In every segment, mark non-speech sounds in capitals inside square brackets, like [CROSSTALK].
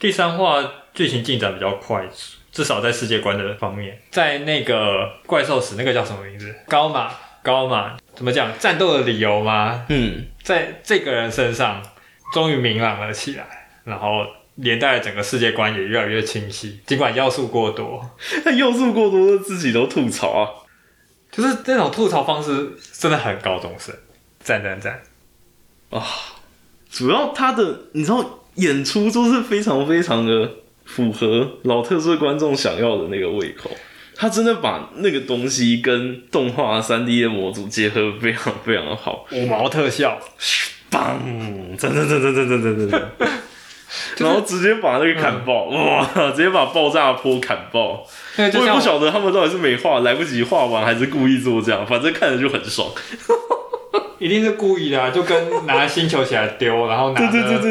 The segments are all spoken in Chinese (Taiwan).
第三話劇情進展比較快，至少在世界觀的方面，在那個怪獸史那個叫什麼名字？高馬高馬怎麼講？戰鬥的理由嗎？嗯，在這個人身上終於明朗了起來，然後連帶了整個世界觀也越來越清晰。儘管要素過多，但要素過多自己都吐槽，啊，就是這種吐槽方式真的很高中生，讚讚讚！啊，哦，主要他的你知道。演出都是非常非常的符合老特攝觀眾想要的那個胃口，他真的把那個東西跟動畫三 D 的模組結合非常非常的好。五毛特效，砰！噔噔噔噔，然後直接把那個砍爆，哇！直接把爆炸波砍爆。我也不曉得他們到底是沒畫來不及畫完，還是故意做這樣，反正看着就很爽。一定是故意的，啊，就跟拿星球起來丟， [LAUGHS] 然後拿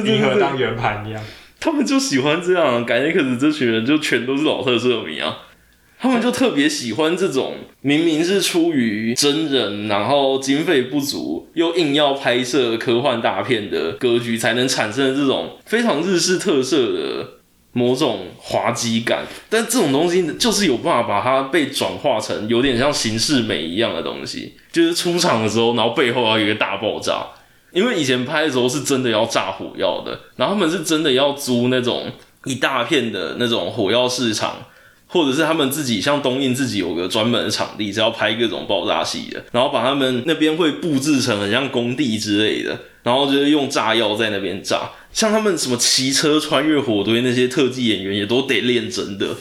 銀河當圓盤一樣。 [LAUGHS] 他們就喜歡這樣，感覺可是這群人就全都是老特攝迷啊，他們就特別喜歡這種明明是出於真人，然後經費不足，又硬要拍攝科幻大片的格局，才能產生這種非常日式特色的。某種滑稽感，但這種東西就是有辦法把它被轉化成有點像形式美一樣的東西。就是出場的時候，然後背後要有一個大爆炸，因為以前拍的時候是真的要炸火藥的，然後他們是真的要租那種一大片的那種火藥市場，或者是他們自己像東映自己有個專門的場地是要拍各種爆炸戲的，然後把他們那邊會布置成很像工地之類的，然後就是用炸藥在那邊炸。像他們什麼騎車穿越火堆，那些特技演員也都得練真的，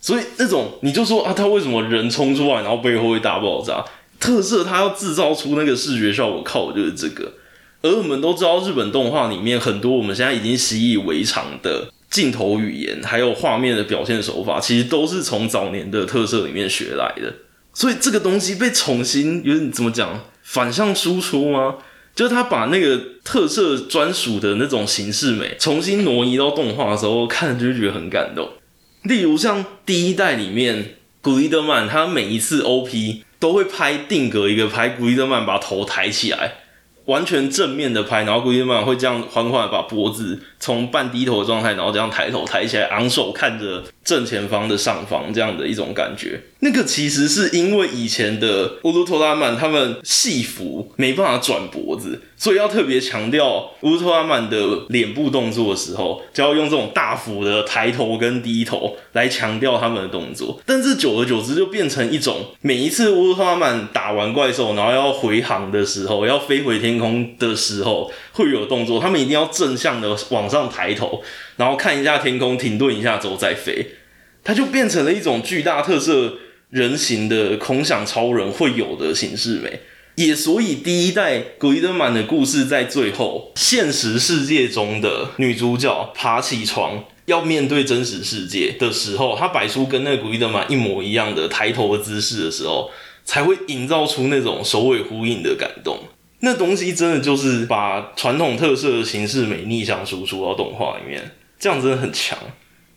所以那種你就說啊，他為什麼人衝出來，然後背後會大爆炸？特攝他要製造出那個視覺效果，靠的就是這個。而我們都知道，日本動畫裡面很多我們現在已經習以為常的鏡頭語言，還有畫面的表現手法，其實都是從早年的特攝裡面學來的。所以這個東西被重新，有點怎麼講，反向輸出嗎？就是他把那個特色專屬的那種形式美重新挪移到動畫的時候，看就覺得很感動。例如像第一代裡面古里德曼，他每一次 OP 都會拍定格一個拍古里德曼把頭抬起來。完全正面的拍，然後古利曼會這樣緩緩把脖子從半低頭的狀態，然後這樣抬頭抬起來，昂首看着正前方的上方，這樣的一種感覺。那個其實是因為以前的烏魯托拉曼他們戲服沒辦法轉脖子，所以要特別強調烏魯托拉曼的臉部動作的時候，就要用這種大幅的抬頭跟低頭來強調他們的動作。但是久而久之就變成一種，每一次烏魯托拉曼打完怪獸，然後要回航的時候，要飛回天，天空的時候會有動作，他們一定要正向的往上抬頭，然後看一下天空，停頓一下之後再飛，它就變成了一種巨大特色人形的空想超人會有的形式美。也所以，第一代古伊德曼的故事在最後，現實世界中的女主角爬起床要面對真實世界的時候，她擺出跟那個古伊德曼一模一樣的抬頭的姿勢的時候，才會營造出那種首尾呼應的感動。那東西真的就是把傳統特色的形式美逆向輸出到動畫裡面，這樣真的很強。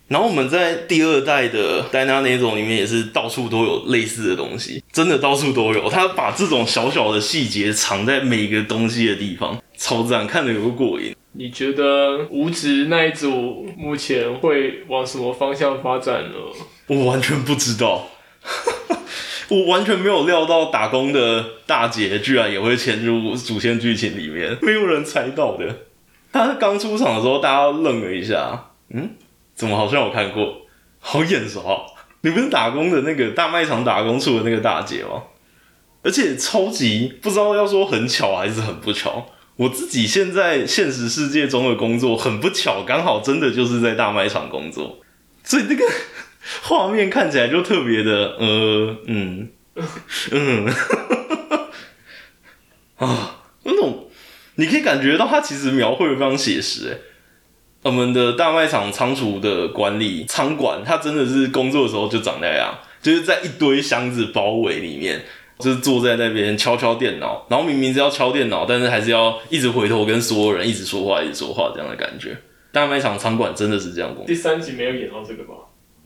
然後我們在第二代的戴娜那種裡面也是到處都有類似的東西，真的到處都有。他把這種小小的細節藏在每一個東西的地方，超讚，看得有個過癮。你覺得無職那一組目前會往什麼方向發展呢？我完全不知道。 [LAUGHS] 我完全沒有料到打工的大姐居然也會潛入主線劇情裡面，沒有人猜到的。她剛出場的時候，大家愣了一下。嗯，怎麼好像有看過？好眼熟啊！你不是打工的那個大賣場打工處的那個大姐嗎？而且超級不知道要說很巧還是很不巧，我自己現在現實世界中的工作很不巧，剛好真的就是在大賣場工作，所以這、那個。畫面看起來就特別的，呃，嗯， [LAUGHS] 嗯， [LAUGHS] 啊，那種你可以感覺到他其實描繪的非常寫實耶。我們的大賣場倉儲的管理倉管，他真的是工作的時候就長那樣，就是在一堆箱子包圍裡面，就是坐在那邊敲敲電腦，然後明明是要敲電腦，但是還是要一直回頭跟所有人一直說話，一直說話這樣的感覺。大賣場倉管真的是這樣工作。第三集沒有演到這個吧？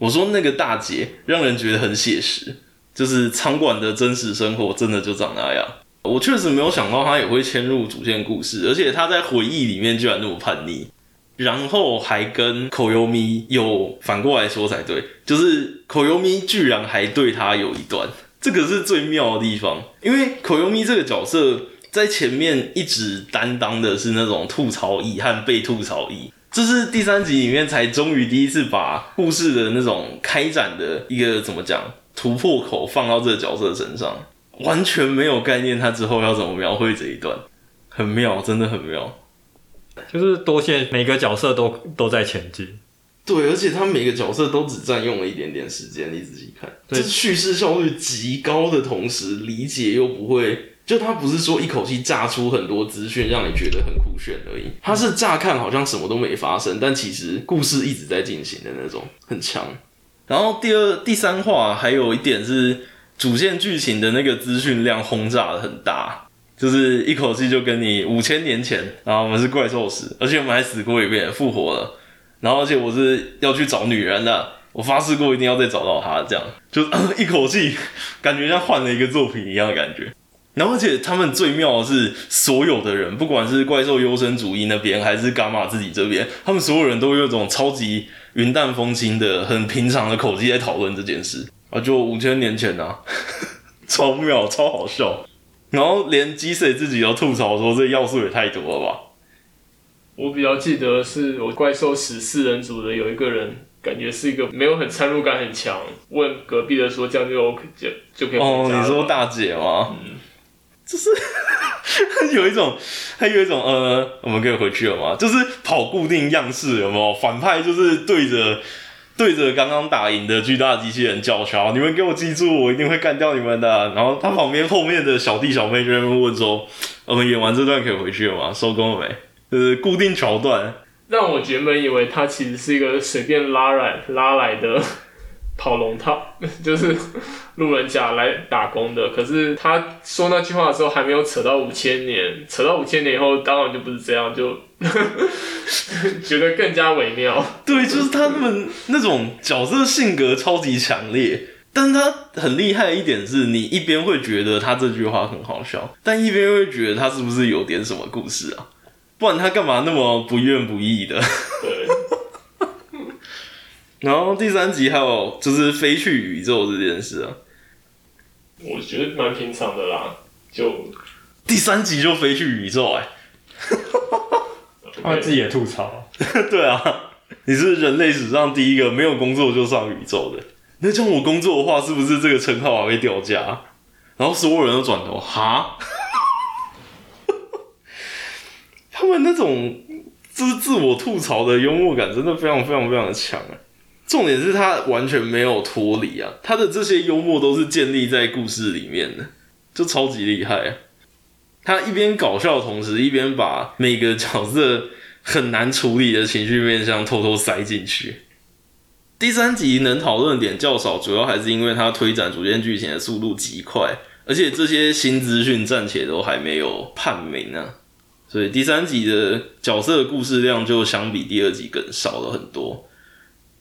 我說那個大姐讓人覺得很寫實，就是倉管的真實生活，真的就長那樣。我確實沒有想到她也會牽入主線故事，而且她在回憶裡面居然那麼叛逆，然後還跟 Koyomi 有，反過來說才對，就是 Koyomi 居然還對她有一段，這個是最妙的地方，因為 Koyomi 這個角色在前面一直擔當的是那種吐槽役和被吐槽役。這是第三集裡面才終於第一次把故事的那種開展的一個怎麼講突破口放到這個角色身上，完全沒有概念他之後要怎麼描繪這一段，很妙，真的很妙。就是多線，每個角色都都在前進。對，而且他每個角色都只佔用了一點點時間，你仔細看，對這是敘事效率極高的同時，理解又不會。就他不是說一口氣炸出很多資訊讓你覺得很酷炫而已，他是乍看好像什麼都沒發生，但其實故事一直在進行的那種很強。然後第二、第三話還有一點是主線劇情的那個資訊量轟炸得很大，就是一口氣就跟你五千年前，然後我們是怪獸時，而且我們還死過一遍復活了，然後而且我是要去找女人的，我發誓過一定要再找到她，這樣就一口氣感覺像換了一個作品一樣的感覺。然後，而且他們最妙的是，所有的人，不管是怪獸優生主義那邊，還是伽馬自己這邊，他們所有人都有一種超級雲淡風輕的、很平常的口氣在討論這件事啊。就五千年前呢、啊，超妙，超好笑。然後連基瑟自己都吐槽說：“這要素也太多了吧。”我比較記得是有怪獸十四人組的有一個人，感覺是一個沒有很參入感很強，問隔壁的說：“這樣就 OK，就就可以回家了。”哦，你說大姐嗎？嗯。就是 [LAUGHS] 有一種，他有一種呃，我們可以回去了嗎？就是跑固定樣式，有沒有？反派就是對着對着剛剛打贏的巨大機器人叫囂：“你們給我記住，我一定會幹掉你們的。”然後他旁邊後面的小弟小妹就在問說：“我們、呃、演完這段可以回去了嗎？收工了沒？”就是固定橋段，讓我原本以為他其實是一個隨便拉來拉來的。跑龍套，就是路人甲來打工的。可是他說那句話的時候，還沒有扯到五千年，扯到五千年以後，當然就不是這樣，就 [LAUGHS] 覺得更加微妙。對，就是他們那種角色性格超級強烈。但是他很厲害的一點是，你一邊會覺得他這句話很好笑，但一邊又會覺得他是不是有點什麼故事啊？不然他幹嘛那麼不怨不義的？然後第三集還有就是飛去宇宙這件事啊，我覺得蠻平常的啦就。就第三集就飛去宇宙，哎，他們自己也吐槽、啊， [LAUGHS] 對啊，你是，是人類史上第一個沒有工作就上宇宙的。那叫我工作的話，是不是這個稱號還會掉價？然後所有人都轉頭，哈， [LAUGHS] 他們那種自自我吐槽的幽默感真的非常非常非常的強、欸，重點是他完全沒有脫離啊，他的這些幽默都是建立在故事裡面的，就超級厲害啊。他一邊搞笑，同時一邊把每個角色很難處理的情緒面向偷偷塞進去。第三集能討論點較少，主要還是因為他推展主線劇情的速度極快，而且這些新資訊暫且都還沒有判明啊。所以第三集的角色的故事量就相比第二集更少了很多。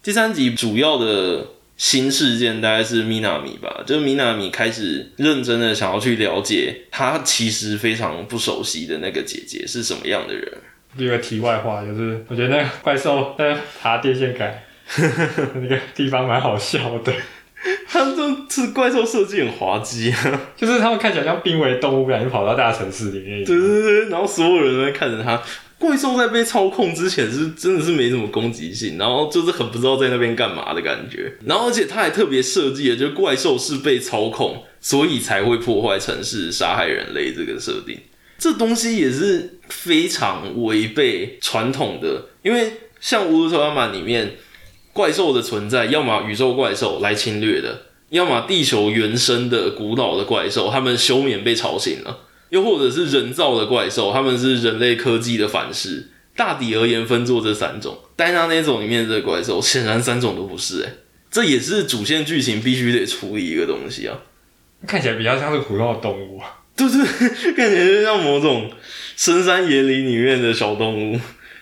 第三集主要的新事件大概是米娜米吧，就是米娜米開始認真的想要去了解，她其實非常不熟悉的那個姐姐是什麼樣的人。有個題外話就是，我覺得那個怪獸在、那個、爬電線桿呵呵呵那個地方蠻好笑的， [LAUGHS] 他們都是怪獸設計很滑稽、啊，就是他們看起來像瀕危動物，感就跑到大城市裡面。對對對，然後所有人都在看着他。怪獸在被操控之前是真的是沒什麼攻擊性，然後就是很不知道在那邊幹嘛的感覺。然後而且他還特別設計了，就是、怪獸是被操控，所以才會破壞城市、殺害人類這個設定。這東西也是非常違背傳統的，因為像《烏魯特拉曼》裡面怪獸的存在，要麼宇宙怪獸來侵略的，要麼地球原生的古老的怪獸，他們休眠被吵醒了，又或者是人造的怪獸，他們是人類科技的反噬。大抵而言分作這三種，戴拿那種裡面的怪獸顯然三種都不是，欸。誒，這也是主線劇情必須得處理一個東西啊。看起來比較像是普通的動物，啊，就是看起來就像某種深山野林裡面的小動物，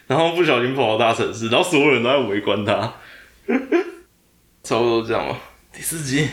然後不小心跑到大城市，然後所有人都在圍觀它。 [LAUGHS] 差不多這樣吧，第四集。